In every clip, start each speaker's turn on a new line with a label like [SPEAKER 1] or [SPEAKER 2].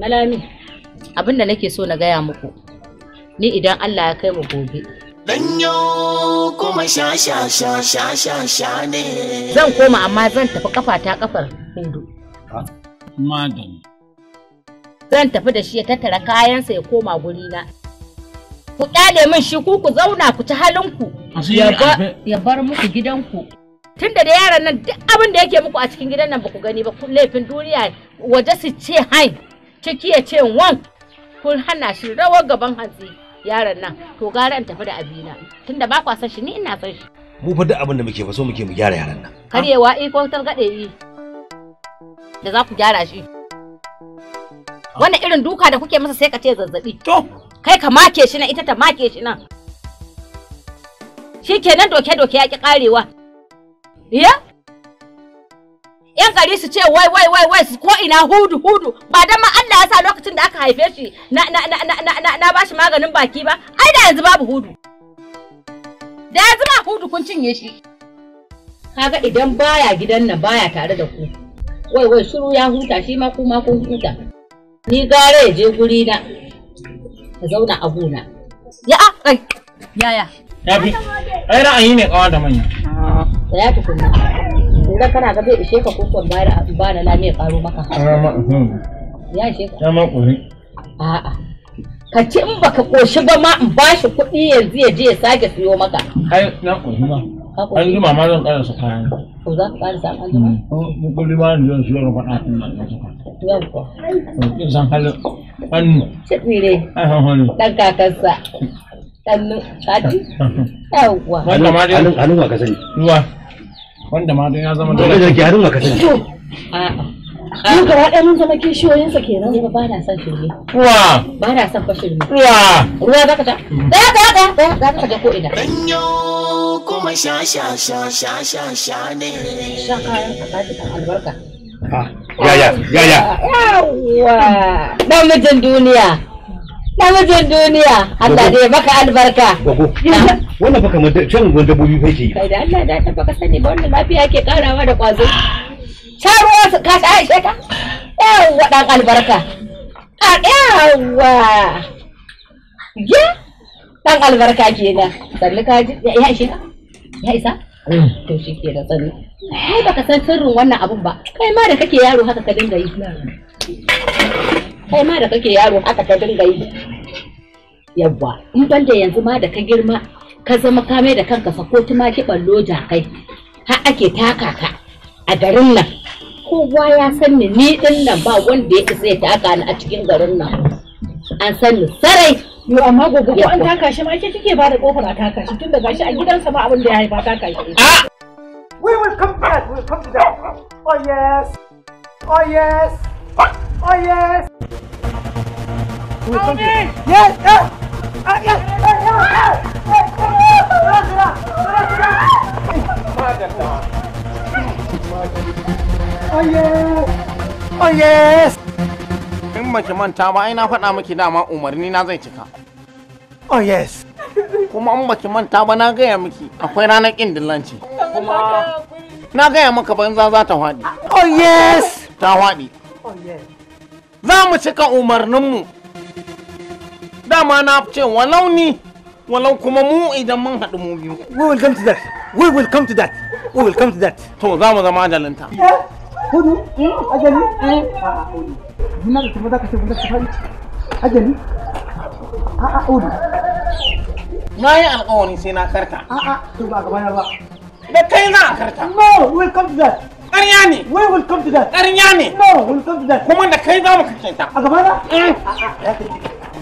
[SPEAKER 1] Malami, abin da nake so na gaya muku, ni idan Allah ya kai mu gobe,
[SPEAKER 2] Danyo kuma sha sha sha sha ne. Zan koma
[SPEAKER 1] amma zan tafi kafa ta kafar hindu.
[SPEAKER 2] Madam.
[SPEAKER 1] Zan tafi da shi ya tattara kayansa ya koma gurina. Ku kyale min shi ku ku zauna ku ci halinku. Ya bar muku gidanku. Tun da yaran nan duk abin da yake muku a cikin gidan nan ba ku gani ba laifin duniya waje su ce hai ciki ya ce wan kun hana shi rawar gaban hatsi. yaron nan to gara in tafi da abina tunda ba kwa san shi ni ina san shi
[SPEAKER 2] mu fa duk abin da muke fa so muke mu gyara yaron nan
[SPEAKER 1] karyewa iko gade yi da za ku gyara shi wannan irin duka da kuke masa sai ka ce zazzabi to kai ka make shi nan ita ta make shi nan shikenan doke doke ya ki karewa iya gari su ce wai wai wai wai ko ina hudu hudu ba dan ma Allah ya sa lokacin da aka haife shi na na na na na na bashi maganin baki ba ai da yanzu babu hudu da yanzu ma hudu kun cinye shi kaga idan baya gidan nan baya tare da ku wai wai shiru ya huta shi ma kuma kun huta ni gare ya je guri na ka zauna a gona ya ah, kai yaya
[SPEAKER 2] bi ai ra'ayi ne kawar da manya
[SPEAKER 1] ya tukunna idan kana ga zai ishe ka kokon bayar ba na lami ya karo maka
[SPEAKER 2] hmm. ya ishe ka ya ma kuri
[SPEAKER 1] a'a ka ci in baka koshi ba ma in ba shi kuɗi yanzu ya je ya sake siyo maka
[SPEAKER 2] ai na koshi ma an jima ma zan su kayan ko
[SPEAKER 1] za ka ƙarasa an jima
[SPEAKER 2] hmm. kuɗi ma yanzu zan siyo na faɗa tun nan na saka yau ko in san halin hannu
[SPEAKER 1] ci ne ɗan kakarsa ɗan kaji yawwa hannun
[SPEAKER 2] wa ka sani ruwa wanda ma don ya zama dole da gyarin maka Mun
[SPEAKER 1] Ya ya ya ya. Yawwa. Ɗan mijin duniya. namijin duniya Allah
[SPEAKER 2] dai maka albarka wannan baka mun shan ruwan dabbobi fa ke yi
[SPEAKER 1] kai da Allah da ta baka sani ba wannan lafiya ke karawa da kwazo sha ruwa ka sha ishe ka yawa dan albarka a yawa ya dan albarka kenan sallu ka ji ya ishe ka ya isa mm. to shi ke da tsani kai baka san sirrin wannan abun ba kai ma da kake yaro haka ka dinga yi kai ma da kake yaro haka ka dinga yi yawwa in banda yanzu ma da ka girma ka zama ka mai da kanka ma ki ballo kai har ake taka ka a garin nan kowa ya san ni ni din nan ba wanda ya isa ya taka ni a cikin garin nan an san ni sarai yo amma gogo ko an taka shi ma ke kike ba da kofar a taka shi tun da gashi a gidansa ma abin da ya haifa taka shi ah!
[SPEAKER 2] we will come back we will come to that oh yes oh yes oh yes we Yes, yes Oh In baki manta ba ai na faɗa miki dama umarni na zai cika. Oh yes! Kuma in baki manta ba na gaya miki akwai ranar ƙin dillanci. Kuma na gaya maka banza za ta faɗi. Oh yes! Ta faɗi. Oh yes! Za mu cika umarninmu. dama na ce walau ni walau kuma mu idan mun haɗu mu biyu we will come to that we will come to that we will come to that to za mu zama ajalinta eh, hudu eh, ajali gina da kuma ka ce safari ajali a a hudu na yi alkawari sai na karta a a to ba gaba na ba da kai na a karta no we will come to that ƙarya ne we will come to that ƙarya ne no we will come to that kuma da kai za mu kace ta a gaba na mm.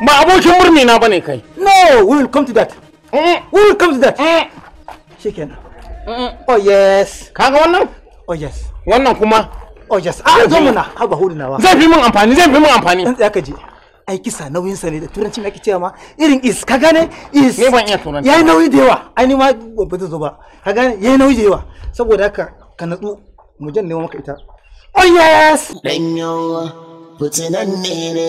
[SPEAKER 2] ba abokin murni na bane kai no we will come to that eh. we will come to that eh. shikenan oh yes kaga wannan oh yes wannan kuma oh yes a ah, zo muna haba hulinawa zai fi mun ah. amfani zai fi min amfani dan tsaya ka je ai kisa nauyin sa ne da turanci ake cewa ma irin is ka gane is ne ban iya turanci yayi nauyi da yawa ai ni ma ba zai zo ba ka gane yayi nauyi da yawa saboda haka ka natsu mu jan neman maka ita oh yes dan yawa fitinan ne ne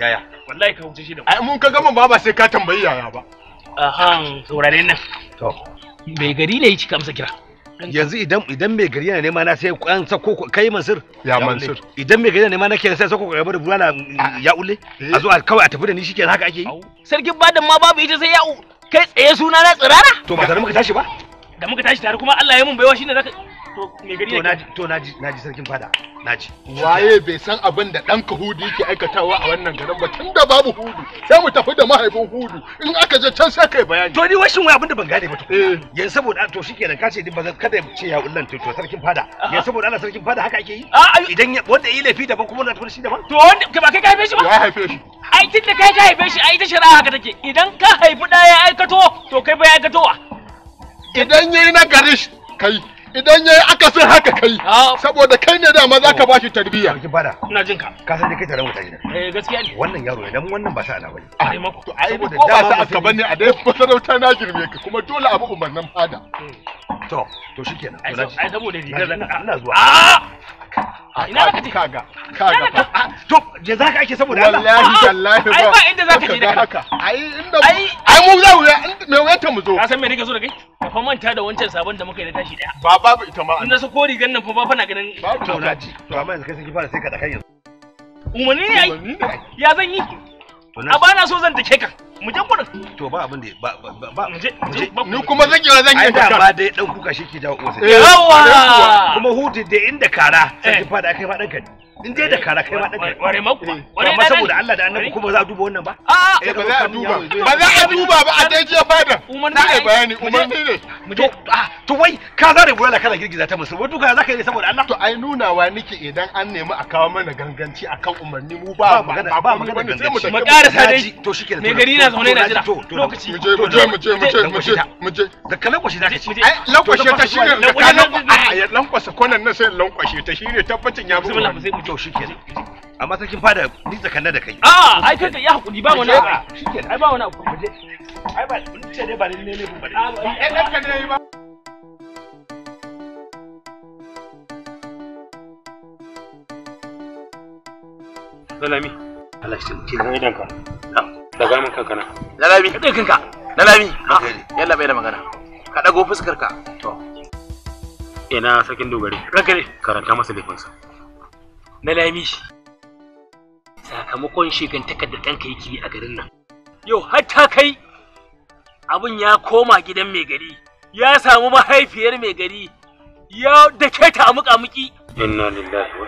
[SPEAKER 2] yaya wallahi ka huce shi da ai mun ka gama ba ba sai ka tambayi yaya ba ahan saurare nan to bai gari ne yake kamsa kira yanzu idan idan mai gari yana nema na sai kan sako kai mansur ya mansur idan mai gari yana nema na ke sai sako ka bar burana mm, ah. ya ule, eh. a zo kawai a tafi da ni shikenan haka ake yi sarkin badan ma babu ita sai ya kai tsaye suna na tsirara to ba da muka tashi ba da muka tashi tare kuma Allah ya mun baiwa shine zaka to naji naji sarkin fada naji waye bai san abin da ɗanka hudu yake aikatawa a wannan garin ba tun da babu hudu sai mu tafi da mahaifin hudu in aka je can sai kai bayani to ni washin wani abin da ban gane ba to eh. yanzu saboda to shikenan ka ce din ba kada ya ce ya ullan to to sarkin fada yanzu saboda Allah sarkin fada haka ake yi idan wanda yi laifi daban kuma na tafi shi daban to wanda ba kai ka haife shi ba ya haife shi ai tun da kai ka haife shi ai ta shari'a haka take idan ka haifi ɗaya ya aikato to kai ba ya aikatowa idan yayi na garish kai idan yayi san haka kai saboda kai ne dama za ka oh. bashi tarbiyya ki bada ina jin ka ka san da kai tare mutane eh gaskiya ne wannan yaro idan wannan ba sa ala bane ah. ai mako to ai ko ba sa aka bane a dai sarauta na girme ka kuma dole abu umarnin fada hmm. to to shikenan ai saboda ni ga zaka ina zuwa ah! ina ka je kaga kaga to da zaka ake saboda Allah wallahi wallahi ba ai ba inda zaka je da haka ai inda ai mu za mu me wayata mu zo ka san me nake so da kai ka fa manta da wancan sabon da muka yi da tashi daya ba babu ita ma in na sako rigan fa ba fa na ganin to na ji to amma yanzu kai sai ki fara sai ka da kai yanzu umarni ne ai ya zan yi a bana so zan take ka mu je gurin to ba abin da ba ba ba mu je ni kuma zan kira zan yi ta ba dai dan kuka shi ke jawo uwa sai eh. yawa kuma hudu da inda kara sai ki eh. fada kai fadan ka in dai da kara kai ma dake ware mako ware saboda Allah da annabi kuma za a duba wannan ba eh, eh, a a ba za a duba ba za a duba ba a dai je fada na ai bayani umarni ne to ah, to wai ka zare bulala kana girgiza ta musu wai duka za ka yi saboda Allah to ai nunawa nake idan an nemi a kawo mana ganganci akan umarni mu ba magana ba magana ganganci mu karasa dai to shike me gari na zaune na jira lokaci mu je mu je mu je mu je mu je da kalan kwashi za ka ci ai lankwashe ta shine lankwashe konan nan sai ta shine tabbacin ya to shikenan fada ni tsakanna da kai a ai kai ya hakuri ba wani abu ai ba wani abu muje ai ba ni ce ne ba ne ne ba eh dan ka ne ba Lalami. Allah shi na. Lalami. Kai kanka. Lalami. Ah. Yalla bai da magana. Ka dago fuskar ka. To. Ina sakin dogare. Karanta masa laifinsa. na lamishi sakamakon shigantaka da ɗanka yake yi a garin nan yau har ta kai abin ya koma gidan mai gari ya samu mahaifiyar mai gari ya ke ta muka muki inna lillahi wa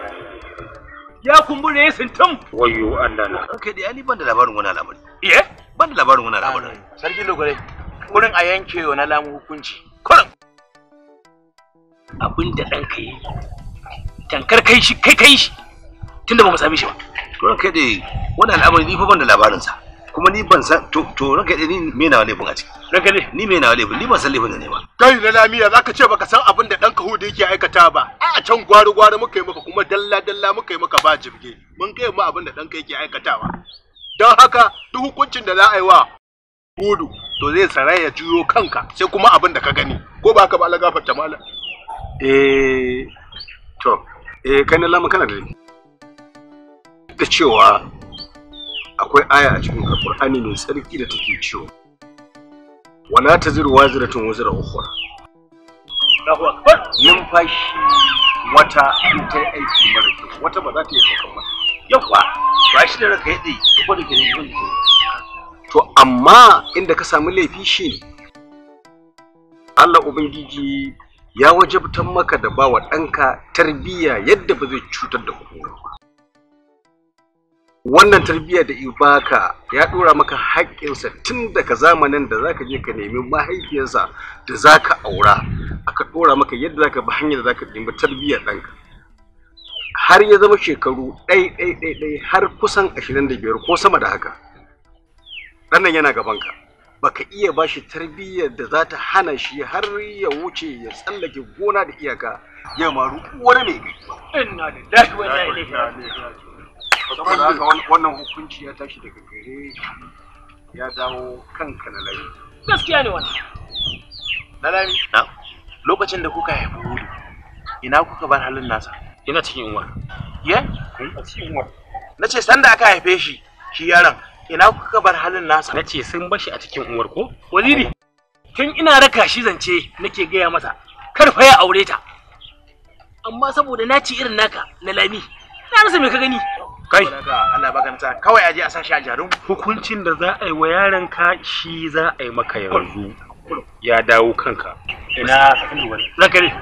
[SPEAKER 2] ya kumbure ya sintum wayo Allah na kai da ali ban da labarin wannan labari eh ban da labarin wannan labari sarki lokore kurin a yanke wa na lamu hukunci kurin abin da ɗanka yi tankar kai shi kai kai shi tunda ba mu same shi ba to ran kai dai wannan al'amari ni fa ban da labarin sa kuma ni ban san to to ran kai dai ni me nawa laifin a ciki ran kai ni me nawa laifin ni ban san laifin da ne ba kai na lamiya zaka ce baka san abin da dan kahu da yake aikata ba a can gwari gwari muka yi maka kuma dalla dalla muka yi maka ba jibge mun kai mu abin da dan kai yake aikatawa don haka duk hukuncin da za a yi wa hudu to zai tsara ya juyo kanka sai kuma abin da ka gani ko ba ka ba alagafa tamala eh to eh kai na lamun kana da ni. da cewa akwai aya a cikin alkur'ani mai tsarki da take cewa wala taziru waziratun wazira ukhra Allahu akbar numfashi wata in ta aiki mara kyau wata ba za ta yi kokan ba yawa ba shi da raka yadda ko da ke yin to amma inda ka samu laifi shi ne Allah ubangiji ya wajabtar maka da bawa ɗanka tarbiyya yadda ba zai cutar da kowa wannan tarbiyya da ibaka ya ɗora maka haƙƙinsa tun daga zamanin da zaka je ka nemi mahaifiyarsa da zaka aura aka ɗora maka yadda zaka bi hanyar da zaka nemi tarbiyyar ɗanka har ya zama shekaru ɗai ɗai ɗai har kusan ashirin da biyar ko sama da haka ɗannan yana gabanka baka iya bashi tarbiyyar da za ta hana shi har ya wuce ya tsallake gona da iyaka ya maru uwar mai gari ba. Inna lillahi wa inna ilaihi Saboda haka wannan hukunci ya tashi daga gare ya dawo kanka na lai Gaskiya ne wannan. Lalami. Na. Lokacin da kuka haifi wuri, ina kuka bar halin nasa? Ina cikin uwa. ya Ina cikin uwa. Na ce sanda aka haife shi, shi yaron ina kuka bar halin nasa na ce sun bashi a cikin uwar ko waziri tun ina raka shi zance nake gaya masa kar fa ya aure ta amma saboda na ci irin naka na lami na rasa me ka gani kai Allah baganta kawai aje a sashi a jarum hukuncin da za a yi wa yaron ka shi za a yi maka yanzu ya dawo kanka ina ranka ne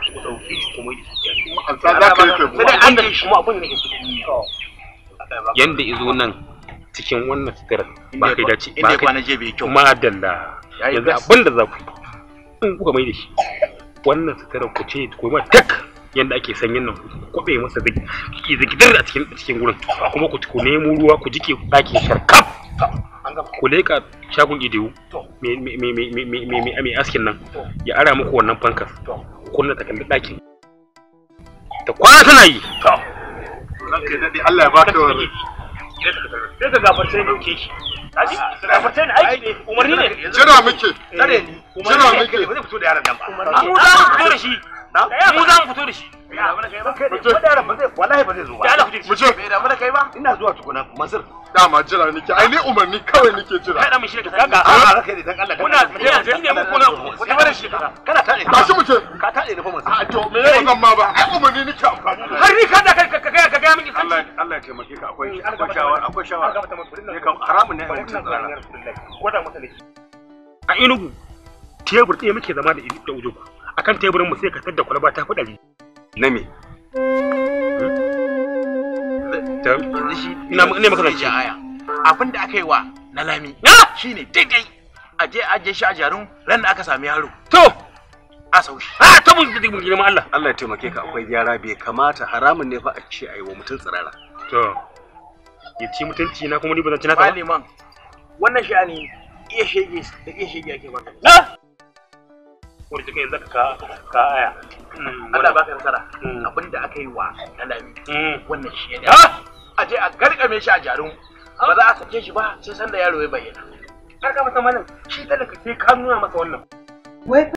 [SPEAKER 2] yanda izo nan cikin wannan ba kai dace ba kai kwana jebe kyau madalla yanzu abin da za ku yi in kuka mai da shi wannan ku ce ku ma tak yanda ake sanyin nan kwabe masa a cikin cikin gurin kuma ku ku nemo ruwa ku jike daki sharkaf ku leka shagun idiyu mai askin nan ya ara muku wannan fankas kunna takardar ɗakin ta kwana tana yi Allah ya ba sai ka gafarce ah, ne ke shi kaji gafarce ne aiki ne umarni ne jira muke tsare ni eh, umarni ne ba zai fito da yaran nan ba ah, mu za mu fito da shi mu za mu fito da shi dama jira ai umarni kawai jira kada mu ka a raka ne dan Allah kuna ne mu kuna ku ta shi ba shi ka ne fa a to me ne ma ba ai umarni amfani har ni kada kai ka ga ka ga miki Allah Allah ya taimake ka akwai eh, akwai shawara akwai shawara ne kam haramun ne tsara masa ne a inugu tebur ɗaya muke zama da ido da akan teburin mu sai ka tadda kwalba ta fi ɗari na me ne makaranci aya abin da aka yi wa na lami shine daidai a je aje shi a jarum ran da aka sami yaro to a sau shi ah, a to mun da girman Allah Allah ya taimake ka akwai gyara bai kamata haramun ne fa a ce ayi wa mutum tsirara to ya ci mutunci na kuma ni ba zan ci naka ba wannan sha'ani iya shege da iya shege ake ba ko da kai zaka ka ka aya hmm, Allah baka nasara hmm. da aka yi wa alami hmm. wannan shi ne ah! a je a garkame shi a jarum ba za a sake shi ba sai sanda yaro ya bayyana kar ka masa malam shi talaka sai ka nuna masa wannan